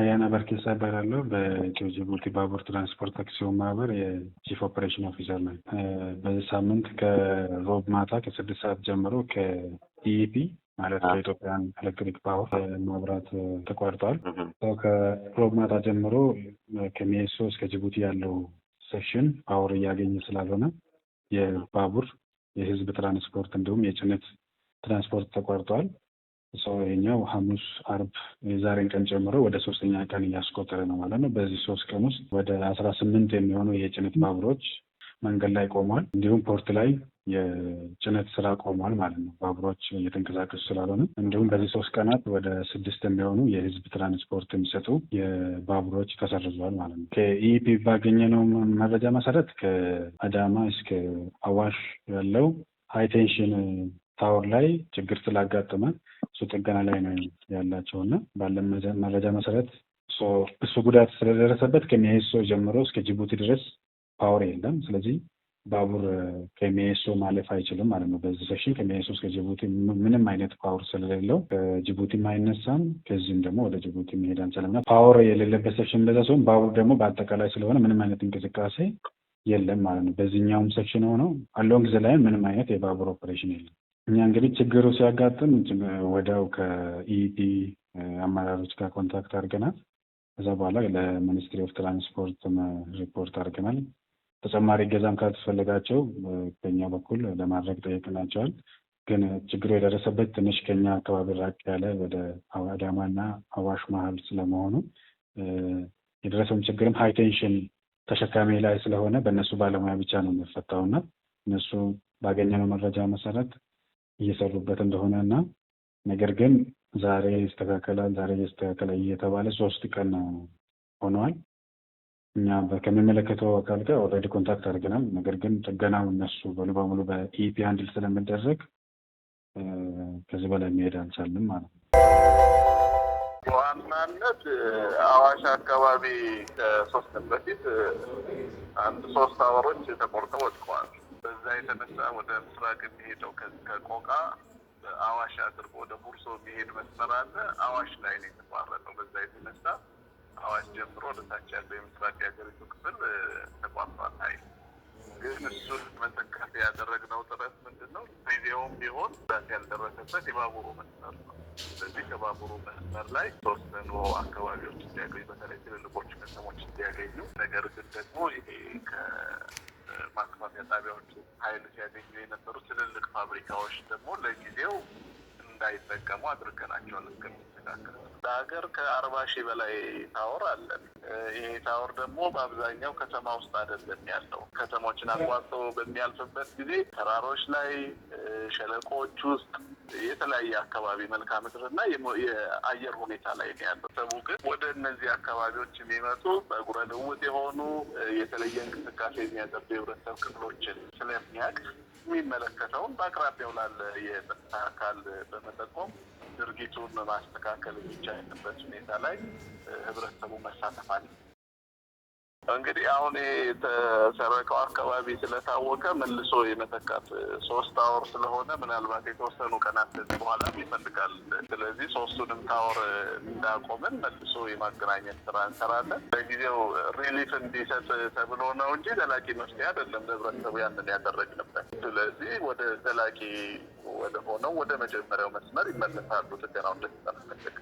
አያና በርኬሳ ይባላለሁ። በኢትዮ ጅቡቲ ባቡር ትራንስፖርት አክሲዮን ማህበር የቺፍ ኦፕሬሽን ኦፊሰር ነኝ። በዚህ ሳምንት ከሮብ ማታ ከስድስት ሰዓት ጀምሮ ከኢኢፒ ማለት ከኢትዮጵያን ኤሌክትሪክ ፓወር መብራት ተቋርጧል። ከሮብ ማታ ጀምሮ ከሚኤሶ እስከ ጅቡቲ ያለው ሴክሽን ፓወር እያገኘ ስላልሆነ የባቡር የህዝብ ትራንስፖርት እንዲሁም የጭነት ትራንስፖርት ተቋርጧል። ሰው ሐሙስ፣ አርብ የዛሬን ቀን ጨምሮ ወደ ሶስተኛ ቀን እያስቆጠረ ነው ማለት ነው። በዚህ ሶስት ቀን ውስጥ ወደ አስራ ስምንት የሚሆኑ የጭነት ባቡሮች መንገድ ላይ ቆሟል። እንዲሁም ፖርት ላይ የጭነት ስራ ቆሟል ማለት ነው። ባቡሮች እየተንቀሳቀሱ ስላልሆነ እንዲሁም በዚህ ሶስት ቀናት ወደ ስድስት የሚሆኑ የህዝብ ትራንስፖርት የሚሰጡ የባቡሮች ተሰርዟል ማለት ነው። ከኢኢፒ ባገኘነው መረጃ መሰረት ከአዳማ እስከ አዋሽ ያለው ሃይቴንሽን ታወር ላይ ችግር ስላጋጥመ ጥገና ላይ ነው ያላቸው እና ባለን መረጃ መሰረት እሱ ጉዳት ስለደረሰበት ከሚያይሶ ጀምሮ እስከ ጅቡቲ ድረስ ፓወር የለም። ስለዚህ ባቡር ከሚያይሶ ማለፍ አይችልም ማለት ነው። በዚህ ሴክሽን ከሚያይሶ እስከ ጅቡቲ ምንም አይነት ፓወር ስለሌለው ከጅቡቲም አይነሳም፣ ከዚህም ደግሞ ወደ ጅቡቲ መሄድ አንችልም እና ፓወር የሌለበት ሴክሽን እንደዛ ሲሆን፣ ባቡር ደግሞ በአጠቃላይ ስለሆነ ምንም አይነት እንቅስቃሴ የለም ማለት ነው። በዚህኛውም ሴክሽን ሆነው አለውን ጊዜ ላይ ምንም አይነት የባቡር ኦፐሬሽን የለም። እኛ እንግዲህ ችግሩ ሲያጋጥም ወዲያው ከኢኢቲ አመራሮች ጋር ኮንታክት አድርገናል። ከዛ በኋላ ለሚኒስትሪ ኦፍ ትራንስፖርት ሪፖርት አድርገናል። ተጨማሪ ገዛም ካልተፈለጋቸው በኛ በኩል ለማድረግ ጠይቅናቸዋል። ግን ችግሩ የደረሰበት ትንሽ ከኛ አካባቢ ራቅ ያለ ወደ አዳማና አዋሽ መሀል ስለመሆኑ የደረሰውን ችግርም ሃይቴንሽን ተሸካሚ ላይ ስለሆነ በእነሱ ባለሙያ ብቻ ነው የሚፈታውና እነሱ ባገኘነው መረጃ መሰረት እየሰሩበት እንደሆነ እና ነገር ግን ዛሬ ይስተካከላል፣ ዛሬ ይስተካከላል እየተባለ ሶስት ቀን ሆነዋል። እኛ ከሚመለከተው አካል ጋር ኦልሬዲ ኮንታክት አድርገናል። ነገር ግን ጥገናው እነሱ ሙሉ በሙሉ በኢፒ አንድል ስለሚደረግ ከዚህ በላይ መሄድ አልቻልም ማለት ነው። በዋናነት አዋሽ አካባቢ ከሶስት ቀን በፊት አንድ ሶስት አወሮች ተቆርጠው ወድቀዋል። በዛ የተነሳ ወደ ምስራቅ የሚሄደው ከቆቃ አዋሽ አድርጎ ወደ ቡርሶ የሚሄድ መስመር አለ። አዋሽ ላይ ነው የተቋረጠው። በዛ የተነሳ አዋሽ ጀምሮ ወደታች ያለው የምስራቅ የሀገሪቱ ክፍል ተቋርጧል። አይ ግን እሱን መተካት ያደረግነው ጥረት ምንድን ነው? ጊዜውም ቢሆን ዛት ያልደረሰበት የባቡሩ መስመር ነው። ስለዚህ ከባቡሩ መስመር ላይ ተወሰኑ አካባቢዎች እንዲያገኙ፣ በተለይ ትልልቆች ከተሞች እንዲያገኙ ነገር ግን ደግሞ ይሄ ማከፋፊያ ጣቢያዎች ኃይል ሲያገኙ የነበሩ ትልልቅ ፋብሪካዎች ደግሞ እንዳይጠቀሙ አድርገናቸዋል እስከሚስተካከል። ለሀገር ከአርባ ሺህ በላይ ታወር አለን። ይሄ ታወር ደግሞ በአብዛኛው ከተማ ውስጥ አይደለም ያለው። ከተሞችን አቋርጦ በሚያልፍበት ጊዜ ተራሮች ላይ፣ ሸለቆዎች ውስጥ የተለያየ አካባቢ መልክዓ ምድርና የአየር ሁኔታ ላይ ነው ያለው። ሰቡ ግን ወደ እነዚህ አካባቢዎች የሚመጡ ጸጉረ ልውጥ የሆኑ የተለየ እንቅስቃሴ የሚያደርጉ የህብረተሰብ ክፍሎችን ስለሚያቅ የሚመለከተውን በአቅራቢያው ላለ የጸጥታ አካል በመጠቆም ድርጊቱን ማስተካከል የሚቻልበት ሁኔታ ላይ ህብረተሰቡ መሳተፍ አለ። እንግዲህ አሁን ይሄ የተሰረቀው አካባቢ ስለታወቀ መልሶ የመተካት ሶስት ታወር ስለሆነ ምናልባት የተወሰኑ ቀናት በኋላ በኋላም ይፈልጋል። ስለዚህ ሶስቱንም ታወር እንዳቆምን መልሶ የማገናኘት ስራ እንሰራለን። ለጊዜው ሪሊፍ እንዲሰጥ ተብሎ ነው እንጂ ዘላቂ መፍትሄ አይደለም። ህብረተሰቡ ያንን ያደረግንበት። ስለዚህ ወደ ዘላቂ ወደ ሆነው ወደ መጀመሪያው መስመር ይመለሳሉ። ጥገናው እንደተጠናቀቀ